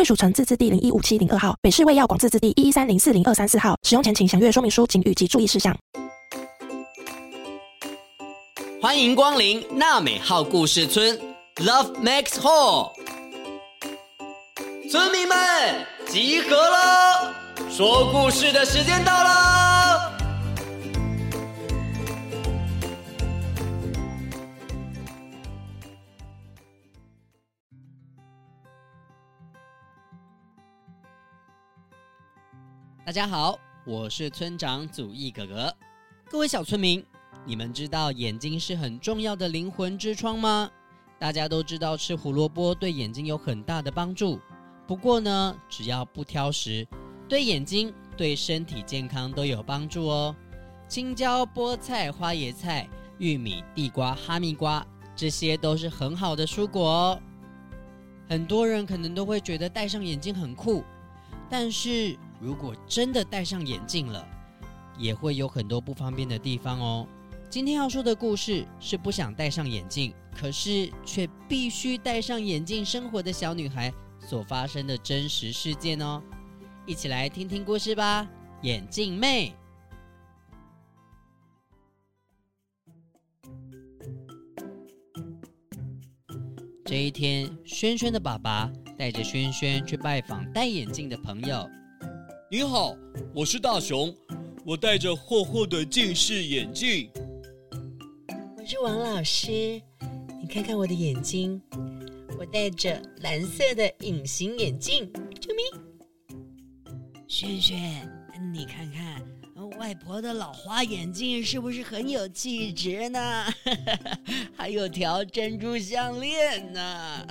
歸屬城自治地零一五七零二號，北市衛藥廣自治地一一三零四零二三四號。使用前請詳閱說明書、警語及注意事項。歡迎光臨納美號故事村，Love Max Hall。村民們集合了，說故事的時間到了。大家好，我是村長祖逸哥哥。各位小村民，你們知道眼睛是很重要的靈魂之窗嗎？大家都知道吃胡蘿蔔對眼睛有很大的幫助，不過呢，只要不挑食，對眼睛、對身體健康都有幫助哦。青椒、菠菜、花椰菜、玉米、地瓜、哈密瓜，這些都是很好的蔬果哦。很多人可能都會覺得戴上眼鏡很酷，但是。如果真的戴上眼鏡了，也會有很多不方便的地方哦。今天要說的故事是不想戴上眼鏡，可是卻必須戴上眼鏡生活的小女孩所發生的真實事件哦。一起來聽聽故事吧，《眼鏡妹》。這一天，宣宣的爸爸帶着宣宣去拜訪戴眼鏡的朋友。你好，我是大熊，我戴着厚厚的近視眼鏡。我是王老師，你看看我的眼睛，我戴着藍色的隱形眼鏡，救命！萱萱，你看看外婆的老花眼鏡是不是很有氣質呢？ 還有條珍珠項鏈呢。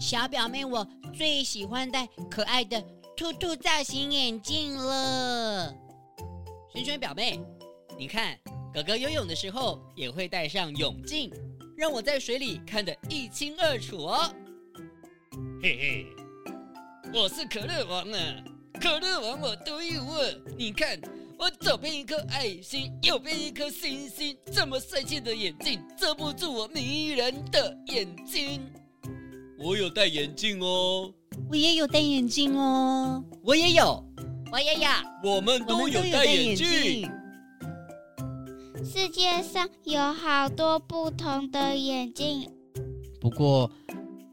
小表妹，我最喜歡戴可愛的。兔兔造型眼鏡了，萱萱表妹，你看狗狗游泳的時候也會戴上泳鏡，讓我在水裡看得一清二楚哦。嘿嘿，我是可樂王啊，可樂王我獨一無二。你看我左邊一顆愛心，右邊一顆星星，這麼帥氣的眼鏡遮不住我迷人的眼睛。我有戴眼鏡哦。我也有戴眼鏡哦，我也有，我也有，我有，我們都有戴眼鏡。世界上有好多不同的眼鏡。不過，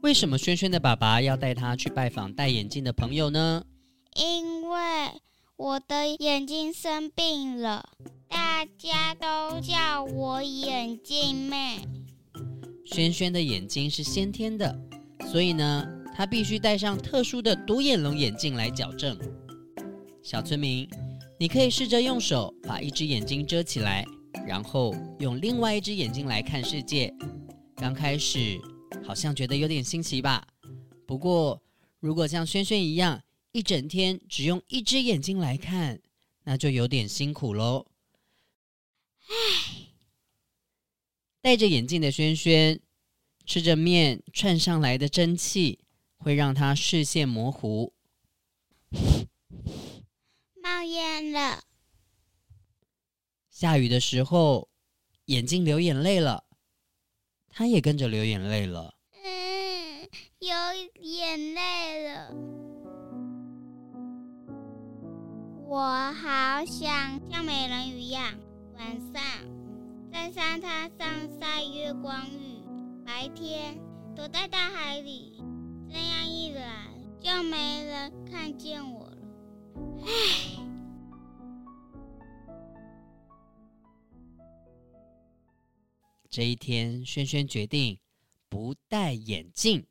為什麼宣宣的爸爸要帶他去拜訪戴眼鏡的朋友呢？因為我的眼睛生病了，大家都叫我眼鏡妹。宣宣的眼睛是先天的，所以呢。他必須戴上特殊的獨眼龍眼鏡來矯正。小村民，你可以試着用手把一隻眼睛遮起來，然後用另外一隻眼睛來看世界。剛開始好像覺得有點新奇吧？不過如果像宣宣一樣一整天只用一隻眼睛來看，那就有點辛苦嘍。哎，戴着眼鏡的宣宣吃着麵，竄上來的蒸汽，會讓他視線模糊，冒煙了。下雨的時候，眼睛流眼淚了，他也跟着流眼淚了。嗯，有眼淚了。我好想像美人魚一樣，晚上在沙灘上曬月光浴，白天躲在大海裡。這樣一來，就沒人看見我了。唉，這一天，宣宣決定不戴眼鏡。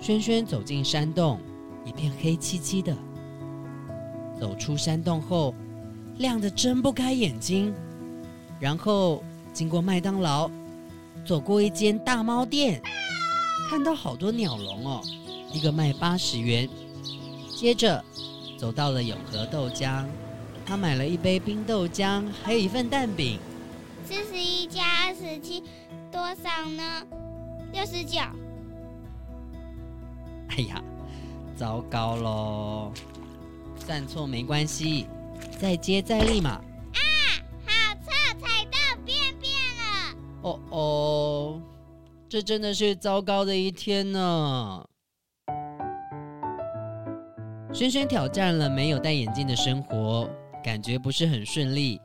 宣宣走進山洞，一片黑漆漆的；走出山洞後，亮得睜不開眼睛。然後，經過麥當勞。走過一間大貓店，看到好多鳥籠哦，一個賣八十元。接着走到了永和豆漿，他買了一杯冰豆漿，還有一份蛋餅。四十一加二十七，多少呢？六十九。哎呀，糟糕嘍！算錯沒關係，再接再厲嘛。啊，好臭，踩到便便了。哦哦。這真的是糟糕的一天呢，啊！宣宣挑戰了沒有戴眼鏡的生活，感覺不是很順利。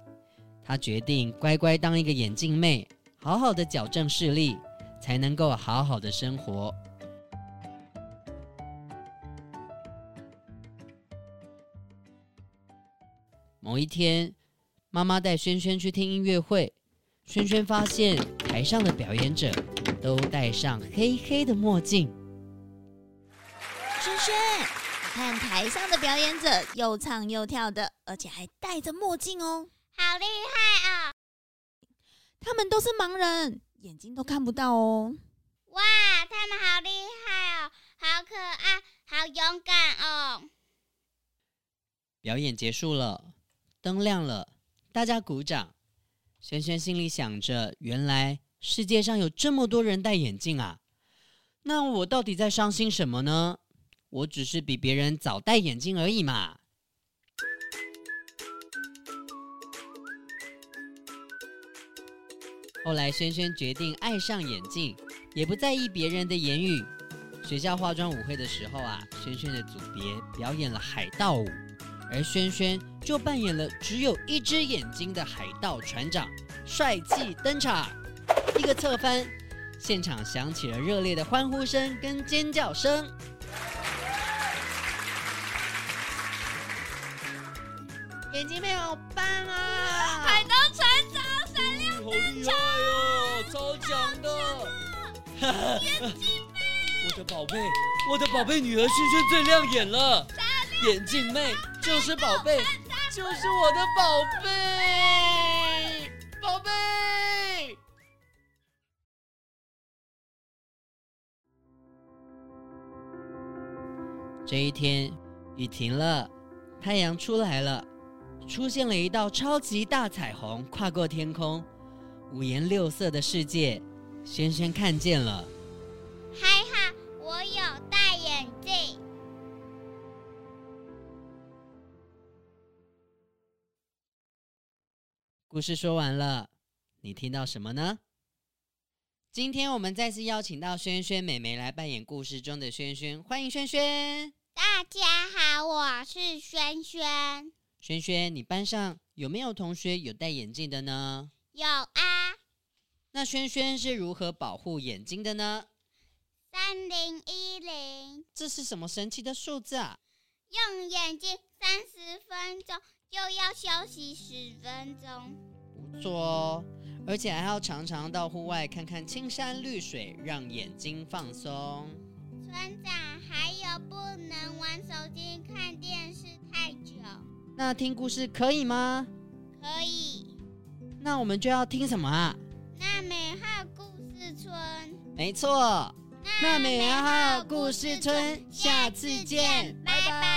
她決定乖乖當一個眼鏡妹，好好的矯正視力，才能夠好好的生活。某一天，媽媽帶宣宣去聽音樂會，宣宣發現台上的表演者。都戴上黑黑的墨鏡。萱萱，你看台上的表演者又唱又跳的，而且還戴着墨鏡哦，好厲害啊、哦！他們都是盲人，眼睛都看不到哦。哇，他們好厲害哦，好可愛，好勇敢哦！表演結束了，燈亮了，大家鼓掌。萱萱心裡想着，原來。世界上有這麼多人戴眼鏡啊，那我到底在傷心什麼呢？我只是比別人早戴眼鏡而已嘛。後來，宣宣決定愛上眼鏡，也不在意別人的言語。學校化妝舞會的時候啊，宣宣的組別表演了海盜舞，而宣宣就扮演了只有一只眼睛的海盜船長，帥氣登場。一個側翻，現場響起了熱烈的歡呼聲跟尖叫聲。Yeah. 眼鏡妹好棒啊！海龍船長閃亮、哦，好厲害哦，超強的，強的眼鏡妹， 我的寶貝，我的寶貝女兒萱萱最亮眼了。眼鏡妹，、就是就是、眼鏡妹就是寶貝，就是我的寶貝。這一天，雨停了，太陽出來了，出現了一道超級大彩虹，跨過天空，五顏六色的世界，軒軒看見了。還好我有大眼鏡。故事說完了，你聽到什麼呢？今天我們再次邀請到萱萱妹妹來扮演故事中的萱萱。歡迎萱萱，大家好，我是萱萱。萱萱，你班上有沒有同學有戴眼鏡的呢？有啊。那萱萱是如何保護眼睛的呢？三零一零。這是什麼神奇的數字啊？用眼睛三十分鐘就要休息十分鐘。不錯哦。而且還要常常到戶外看看青山綠水，讓眼睛放鬆。村長，還有不能玩手機、看電視太久。那聽故事可以嗎？可以。那我們就要聽什麼啊？納美號故事村。沒錯。納美號故事村，下次見。拜拜。Bye bye